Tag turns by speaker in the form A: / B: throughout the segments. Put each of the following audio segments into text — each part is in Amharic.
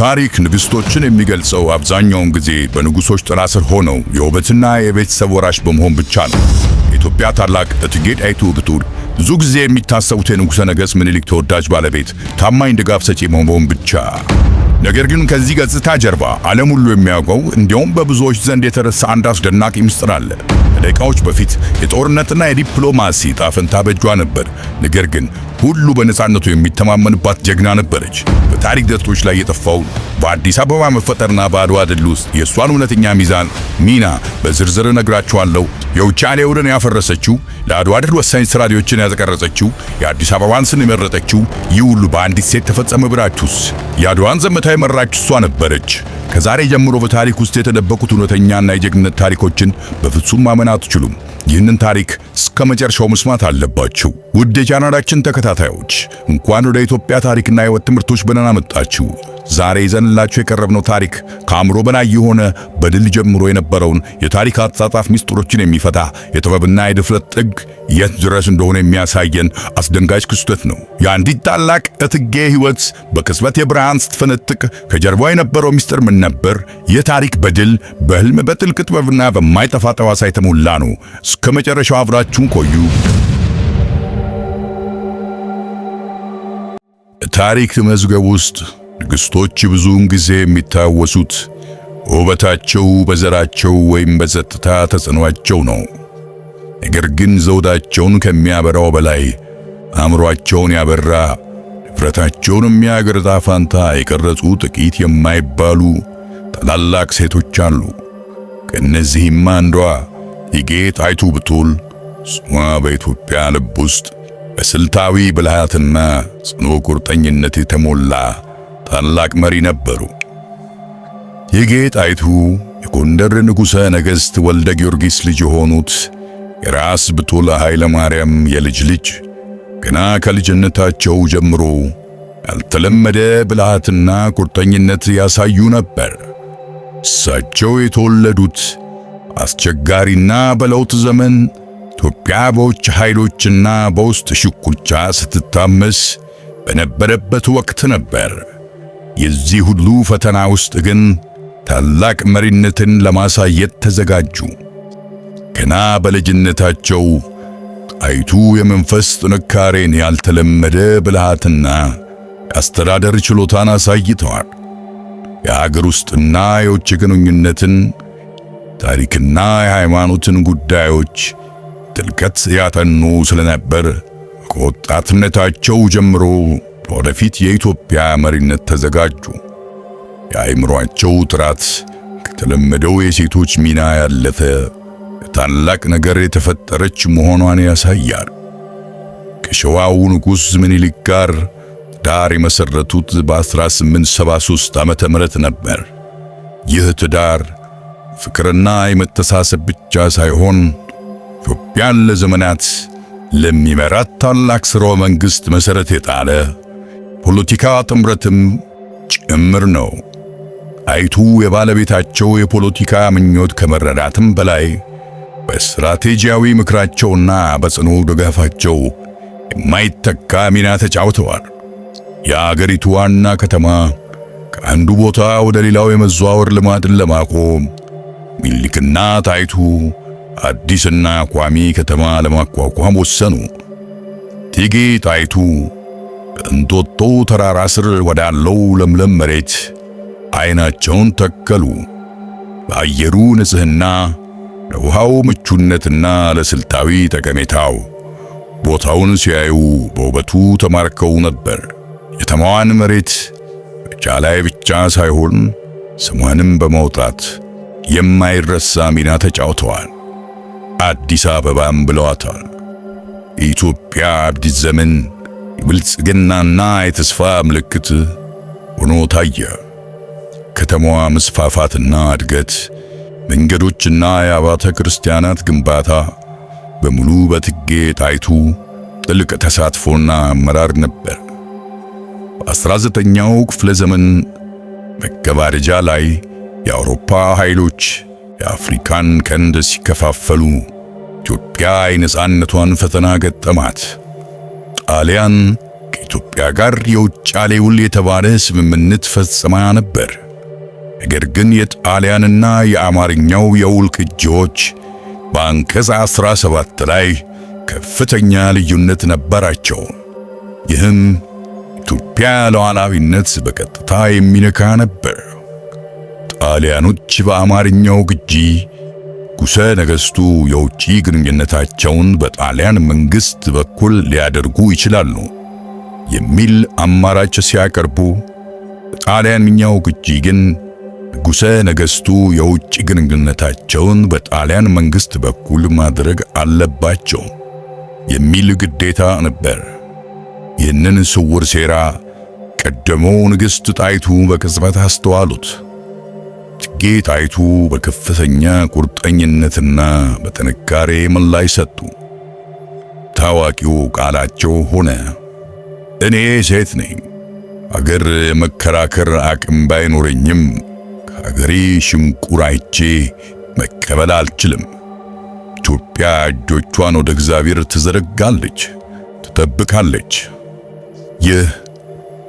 A: ታሪክ ንግስቶችን የሚገልጸው አብዛኛውን ጊዜ በንጉሶች ጥላ ስር ሆነው የውበትና የቤተሰብ ወራሽ በመሆን ብቻ ነው። የኢትዮጵያ ታላቅ እቴጌ ጣይቱ ብጡል ብዙ ጊዜ የሚታሰቡት የንጉሠ ነገሥት ምኒልክ ተወዳጅ ባለቤት፣ ታማኝ ድጋፍ ሰጪ መሆን ብቻ። ነገር ግን ከዚህ ገጽታ ጀርባ ዓለም ሁሉ የሚያውቀው እንዲያውም በብዙዎች ዘንድ የተረሳ አንድ አስደናቂ ምስጢር አለ። ከደቂቃዎች በፊት የጦርነትና የዲፕሎማሲ ጣፈንታ በእጇ ነበር። ነገር ግን ሁሉ በነፃነቱ የሚተማመንባት ጀግና ነበረች። በታሪክ ደርቶች ላይ የጠፋውን በአዲስ አበባ መፈጠርና በአድዋ ድል ውስጥ የእሷን እውነተኛ ሚዛን ሚና በዝርዝር እነግራችኋለሁ። የውጫሌ ውልን ያፈረሰችው፣ ለአድዋ ድል ወሳኝ ስራዎችን ያዘቀረጸችው፣ የአዲስ አበባን ስም የመረጠችው፣ ይህ ሁሉ በአንዲት ሴት ተፈጸመ ብላችሁስ? የአድዋን ዘመቻ የመራች እሷ ነበረች። ከዛሬ ጀምሮ በታሪክ ውስጥ የተደበቁት እውነተኛና የጀግንነት ታሪኮችን በፍጹም ማመን አትችሉም። ይህንን ታሪክ እስከ መጨረሻው መስማት አለባችሁ። ውድ የቻናላችን ተከታታዮች እንኳን ወደ ኢትዮጵያ ታሪክና ሕይወት ትምህርቶች በደህና መጣችሁ። ዛሬ ይዘንላችሁ የቀረብነው ታሪክ ከአእምሮ በላይ የሆነ በድል ጀምሮ የነበረውን የታሪክ አጻጻፍ ሚስጥሮችን የሚፈታ የጥበብና የድፍረት ጥግ የት ድረስ እንደሆነ የሚያሳየን አስደንጋጭ ክስተት ነው። የአንዲት ታላቅ እትጌ ሕይወት በክስበት የብርሃን ስትፈነጥቅ ከጀርባ የነበረው ሚስጥር ምን ነበር? ይህ ታሪክ በድል በህልም በጥልቅ ጥበብና በማይጠፋ ጠዋሳ የተሞላ ነው። እስከ መጨረሻው አብራችሁን ቆዩ።
B: ታሪክ መዝገብ ውስጥ ንግሥቶች ብዙውን ጊዜ የሚታወሱት ውበታቸው በዘራቸው ወይም በጸጥታ ተጽዕኖአቸው ነው። ነገር ግን ዘውዳቸውን ከሚያበራው በላይ አእምሮአቸውን ያበራ ድፍረታቸውን የሚያገር ዕጣ ፋንታ የቀረጹ ጥቂት የማይባሉ ታላላቅ ሴቶች አሉ። ከእነዚህም አንዷ ቴጌ አይቱ ብቱል ስሟ በኢትዮጵያ ልብ ውስጥ በስልታዊ ብልሃትና ጽኑ ቁርጠኝነት የተሞላ ታላቅ መሪ ነበሩ። የጌጣይቱ የጎንደር ንጉሠ ነገሥት ወልደ ጊዮርጊስ ልጅ የሆኑት የራስ ብጡለ ኃይለ ማርያም የልጅ ልጅ ገና ከልጅነታቸው ጀምሮ ያልተለመደ ብልሃትና ቁርጠኝነት ያሳዩ ነበር። እሳቸው የተወለዱት አስቸጋሪና በለውጥ ዘመን ኢትዮጵያ በውጭ ኃይሎችና በውስጥ ሽኩቻ ስትታመስ በነበረበት ወቅት ነበር። የዚህ ሁሉ ፈተና ውስጥ ግን ታላቅ መሪነትን ለማሳየት ተዘጋጁ። ገና በልጅነታቸው ጣይቱ የመንፈስ ጥንካሬን ያልተለመደ ብልሃትና የአስተዳደር ችሎታን አሳይተዋል። የአገር ውስጥና የውጭ ግንኙነትን፣ ታሪክና የሃይማኖትን ጉዳዮች ጥልቀት ያጠኑ ስለነበር ከወጣትነታቸው ጀምሮ ለወደፊት የኢትዮጵያ መሪነት ተዘጋጁ። የአእምሯቸው ጥራት ከተለመደው የሴቶች ሚና ያለፈ ታላቅ ነገር የተፈጠረች መሆኗን ያሳያል። ከሸዋው ንጉሥ ምኒልክ ጋር ትዳር የመሠረቱት በ1873 ዓመተ ምህረት ነበር። ይህ ትዳር ፍቅርና የመተሳሰብ ብቻ ሳይሆን ኢትዮጵያን ለዘመናት ለሚመራት ታላቅ ሥርወ መንግሥት መሠረት የጣለ ፖለቲካ ጥምረትም ጭምር ነው። አይቱ የባለቤታቸው የፖለቲካ ምኞት ከመረዳትም በላይ በስትራቴጂያዊ ምክራቸውና በጽኑ ድጋፋቸው የማይተካ ሚና ተጫውተዋል። የአገሪቱ ዋና ከተማ ከአንዱ ቦታ ወደ ሌላው የመዘዋወር ልማድን ለማቆም ሚኒሊክና ጣይቱ አዲስና ቋሚ ከተማ ለማቋቋም ወሰኑ። እቴጌ ጣይቱ በእንጦጦ ተራራ ስር ወዳለው ለምለም መሬት አይናቸውን ተከሉ። በአየሩ ንጽህና፣ ለውሃው ምቹነትና ለስልታዊ ጠቀሜታው ቦታውን ሲያዩ በውበቱ ተማርከው ነበር። የተማዋን መሬት ብቻ ላይ ብቻ ሳይሆን ስሟንም በማውጣት የማይረሳ ሚና ተጫውተዋል። አዲስ አበባም ብለዋታል። የኢትዮጵያ አዲስ ዘመን የብልጽግናና የተስፋ ምልክት ሆኖ ታየ። ከተማዋ መስፋፋትና እድገት፣ መንገዶችና የአብያተ ክርስቲያናት ግንባታ በሙሉ በትጌ ጣይቱ ጥልቅ ተሳትፎና አመራር ነበር። በ19ኛው ክፍለ ዘመን መገባደጃ ላይ የአውሮፓ ኃይሎች የአፍሪካን ቀንድ ሲከፋፈሉ ኢትዮጵያ የነፃነቷን ፈተና ገጠማት። ጣሊያን ከኢትዮጵያ ጋር የውጫሌ ውል የተባለ ስምምነት ፈጽማ ነበር። ነገር ግን የጣሊያንና የአማርኛው የውል ቅጂዎች በአንቀጽ 17 ላይ ከፍተኛ ልዩነት ነበራቸው። ይህም ኢትዮጵያ ሉዓላዊነት በቀጥታ የሚነካ ነበር። ጣሊያኖች በአማርኛው ግጂ ። ንጉሠ ነገሥቱ የውጭ ግንኙነታቸውን በጣሊያን መንግሥት በኩል ሊያደርጉ ይችላሉ የሚል አማራጭ ሲያቀርቡ፣ ጣሊያንኛው ቅጂ ግን ንጉሠ ነገሥቱ የውጭ ግንኙነታቸውን በጣሊያን መንግሥት በኩል ማድረግ አለባቸው የሚል ግዴታ ነበር። ይህንን ስውር ሴራ ቀደመው ንግሥት ጣይቱ በቅጽበት አስተዋሉት። ጥቂት አይቱ በከፍተኛ ቁርጠኝነትና በጥንካሬ ምላሽ ሰጡ። ታዋቂው ቃላቸው ሆነ እኔ ሴት ነኝ። አገር መከራከር አቅም ባይኖረኝም ከአገሬ ሽንቁር አይቼ መቀበል አልችልም። ኢትዮጵያ እጆቿን ወደ እግዚአብሔር ትዘረጋለች፣ ትጠብቃለች። ይህ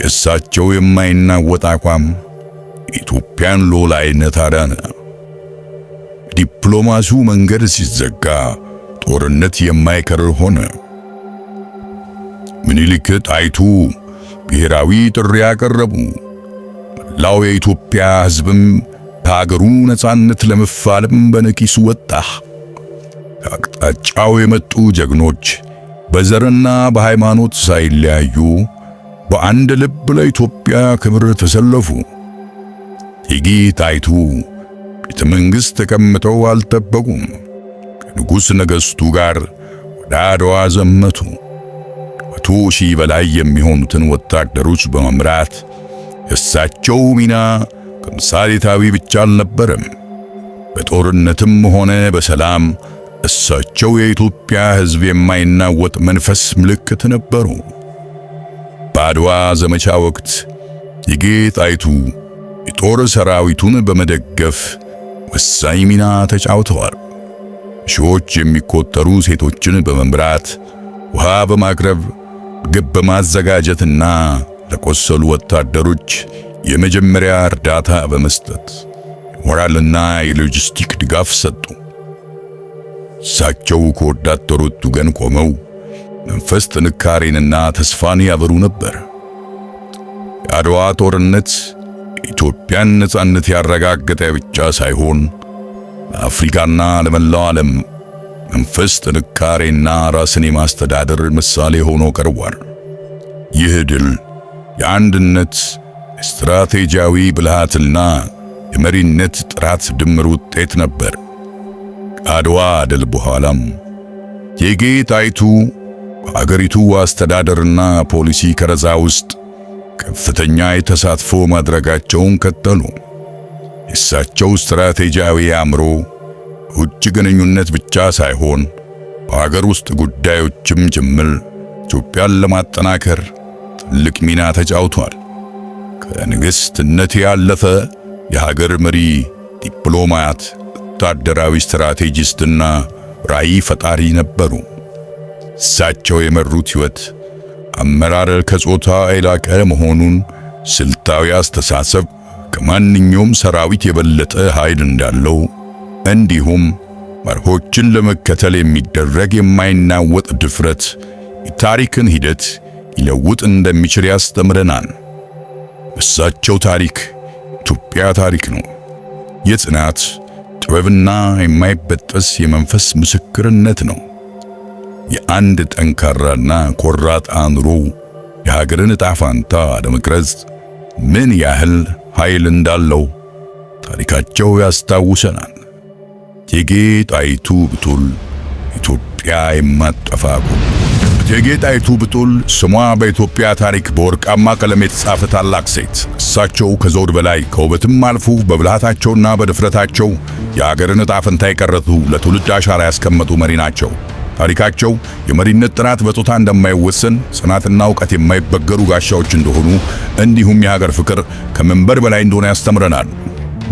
B: የእሳቸው የማይናወጥ አቋም ኢትዮጵያን ሎላይነት አዳነ። ዲፕሎማሲው መንገድ ሲዘጋ ጦርነት የማይከረር ሆነ። ምኒልክ ጣይቱ ብሔራዊ ጥሪ ያቀረቡ፣ መላው የኢትዮጵያ ሕዝብም ከሀገሩ ነፃነት ለመፋለም በነቂስ ወጣ። ከአቅጣጫው የመጡ ጀግኖች በዘርና በሃይማኖት ሳይለያዩ በአንድ ልብ ለኢትዮጵያ ክብር ተሰለፉ። እቴጌ ጣይቱ ቤተ መንግሥት ተቀምጠው አልጠበቁም። ከንጉሥ ነገሥቱ ጋር ወደ አድዋ ዘመቱ። መቶ ሺህ በላይ የሚሆኑትን ወታደሮች በመምራት የእሳቸው ሚና ከምሳሌታዊ ብቻ አልነበረም። በጦርነትም ሆነ በሰላም እሳቸው የኢትዮጵያ ሕዝብ የማይናወጥ መንፈስ ምልክት ነበሩ። በአድዋ ዘመቻ ወቅት እቴጌ ጣይቱ የጦር ሰራዊቱን በመደገፍ ወሳኝ ሚና ተጫውተዋል። ሺዎች የሚቆጠሩ ሴቶችን በመምራት ውሃ በማቅረብ ምግብ በማዘጋጀትና ለቆሰሉ ወታደሮች የመጀመሪያ እርዳታ በመስጠት ሞራልና የሎጂስቲክ ድጋፍ ሰጡ። እሳቸው ከወዳደሮቹ ገን ቆመው መንፈስ ጥንካሬንና ተስፋን ያበሩ ነበር። የአድዋ ጦርነት የኢትዮጵያን ነጻነት ያረጋገጠ ብቻ ሳይሆን ለአፍሪካና ለመላው ዓለም መንፈስ ጥንካሬና ራስን የማስተዳደር ምሳሌ ሆኖ ቀርቧል። ይህ ድል የአንድነት ስትራቴጂያዊ ብልሃትና የመሪነት ጥራት ድምር ውጤት ነበር። ከአድዋ ድል በኋላም የጌ ጣይቱ በአገሪቱ አስተዳደርና ፖሊሲ ከረዛ ውስጥ ከፍተኛ የተሳትፎ ማድረጋቸውን ቀጠሉ። የእሳቸው ስትራቴጂያዊ አእምሮ ውጭ ግንኙነት ብቻ ሳይሆን በሀገር ውስጥ ጉዳዮችም ጭምር ኢትዮጵያን ለማጠናከር ትልቅ ሚና ተጫውቷል። ከንግሥትነት ያለፈ የሀገር መሪ፣ ዲፕሎማት፣ ወታደራዊ ስትራቴጂስትና ራዕይ ፈጣሪ ነበሩ። እሳቸው የመሩት ሕይወት አመራር ከጾታ የላቀ መሆኑን፣ ስልታዊ አስተሳሰብ ከማንኛውም ሰራዊት የበለጠ ኃይል እንዳለው፣ እንዲሁም መርሆችን ለመከተል የሚደረግ የማይናወጥ ድፍረት የታሪክን ሂደት ይለውጥ እንደሚችል ያስተምረናል። እሳቸው ታሪክ ኢትዮጵያ ታሪክ ነው። የጽናት ጥበብና የማይበጠስ የመንፈስ ምስክርነት ነው። የአንድ ጠንካራና ኮራጥ አእምሮ የሀገርን ዕጣ ፋንታ ለመቅረጽ ምን ያህል ኃይል እንዳለው ታሪካቸው ያስታውሰናል። እቴጌ ጣይቱ ብጡል ኢትዮጵያ የማትጠፋ እቴጌ ጣይቱ ብጡል ስሟ በኢትዮጵያ ታሪክ በወርቃማ ቀለም የተጻፈ ታላቅ ሴት። እሳቸው ከዘውድ በላይ ከውበትም አልፉ በብልሃታቸውና በድፍረታቸው የአገርን ዕጣ ፈንታ የቀረቱ ለትውልድ አሻራ ያስቀመጡ መሪ ናቸው። ታሪካቸው የመሪነት ጥራት በጾታ እንደማይወሰን፣ ጽናትና እውቀት የማይበገሩ ጋሻዎች እንደሆኑ፣ እንዲሁም የሀገር ፍቅር ከመንበር በላይ እንደሆነ ያስተምረናል።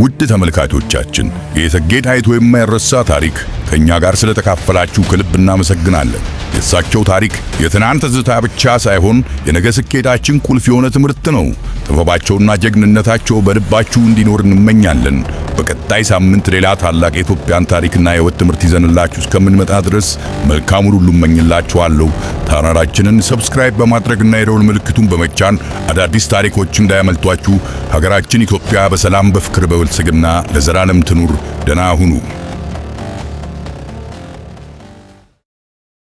B: ውድ ተመልካቾቻችን የእቴጌ ጣይቱ የማይረሳ ታሪክ ከእኛ ጋር ስለተካፈላችሁ ከልብ እናመሰግናለን። የእሳቸው ታሪክ የትናንት ትዝታ ብቻ ሳይሆን የነገ ስኬታችን ቁልፍ የሆነ ትምህርት ነው። ጥበባቸውና ጀግንነታቸው በልባችሁ እንዲኖር እንመኛለን። በቀጣይ ሳምንት ሌላ ታላቅ የኢትዮጵያን ታሪክና የሕይወት ትምህርት ይዘንላችሁ እስከምንመጣ ድረስ መልካሙን ሁሉ እመኝላችኋለሁ። ቻናላችንን ሰብስክራይብ በማድረግና የደወል ምልክቱን በመጫን አዳዲስ ታሪኮች እንዳያመልጧችሁ። ሀገራችን ኢትዮጵያ በሰላም በፍቅር በብልጽግና ለዘላለም ትኑር። ደና ሁኑ።